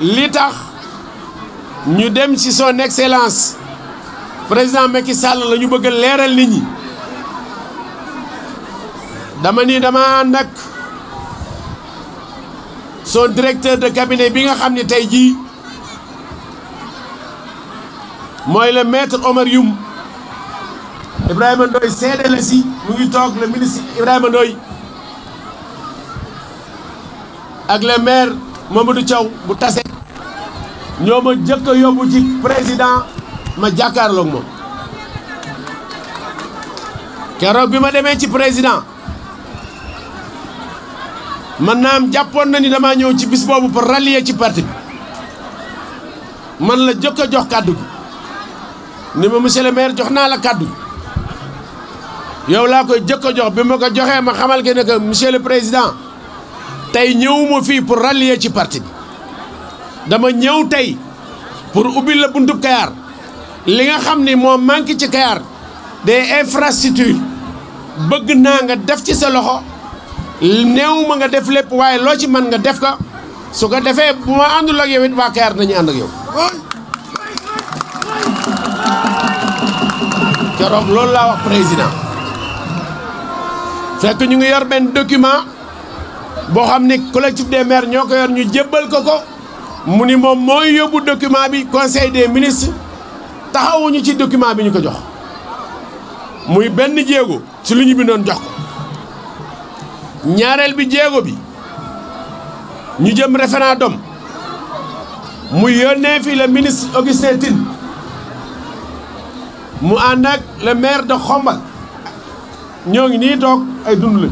L'État nous ñu dem son excellence président Macky Sall la ñu bëgg l'air nit ñi dama ni dama son directeur de cabinet bi nga xam ne le maître Omar Youm Ibrahim Ndoy, c'est la si mu ngi le ministre Ibrahim Ndoy. ak le maire. Mamadou Thiaw bu tassé ñoma jëk yobu ci président ma jakarlo moom keroog bi ma démé ci président man naam jappon na ni dama ñëw ci bis bobu pour rallier ci parti man la jëk jox kaddu ni ma monsieur le maire jox na la kaddu yow la koy jëk jox bima ko joxé ma xamal gi ne que monsieur le président Tay ñewuma fi pour rallier ci parti bi dama ñew tay pour ubil la buntu Kayar li nga xamni mo manki ci Kayar des infrastructures bëgg na nga def ci sa loxo néew nga def lepp waye lo ci man nga def ko su ko defé bu ma andul ak yow it Kayar nañu and ak yow keroog lool la wax président fekk ñu ngi yor ben document boo xam ni collectif des maires ñoo ko yor ñu jébbal ko ko mu ni moom mooy yóbbu document bi conseil des ministres taxawuñu ci document bi ñu ko jox muy benn jéego ci lu ñu bindoon jox ñaareel bi jéego bi ñu jëm référendum mu yónnee fi le ministre Augustin Tine mu ànd ak le maire de Xombal ñoo ngi nii toog ay dund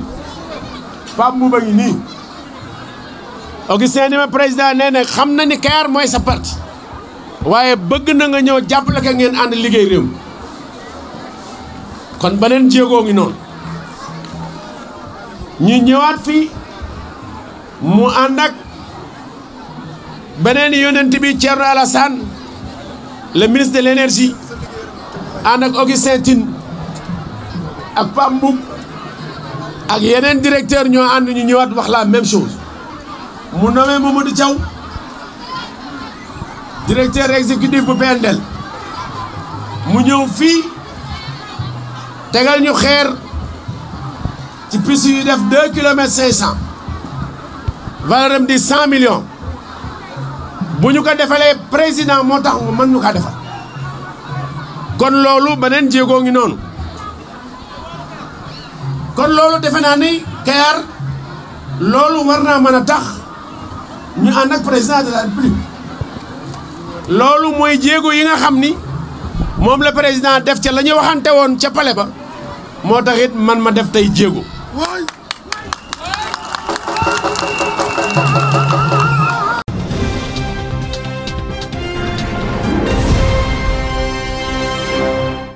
Pape Mbouba ngi nii Augustin ni ma président nee na xam na ni Kayar mooy sa parti waaye bëgg na nga ñëw jàppale ka ngeen ànd liggéey réew kon beneen jéegoo ngi noonu ñu ñëwaat fii mu ànd ak beneen yonent bi Thierno Alassane le ministre de l' énergie ànd ak Augustin Tine ak yenen directeur ñoo andu ñu ñëwaat wax la même chose mu nommé momadou Thiaw directeur exécutif bu bendel mu ñëw fi tégal ñu xeer ci pisu yu def 2 km 500 cent di 100 millions bu ñu ko défalé président motax tax mu mën ñu kaa defal kon lolu benen jégo ngi nonu kon loolu defe naa ni Kayar loolu war naa mën a tax ñu ànd ak président de la loolu mooy jéego yi nga xam ni moom la président def ca la ñu waxante woon ca pale ba moo tax it man ma def tey jéego.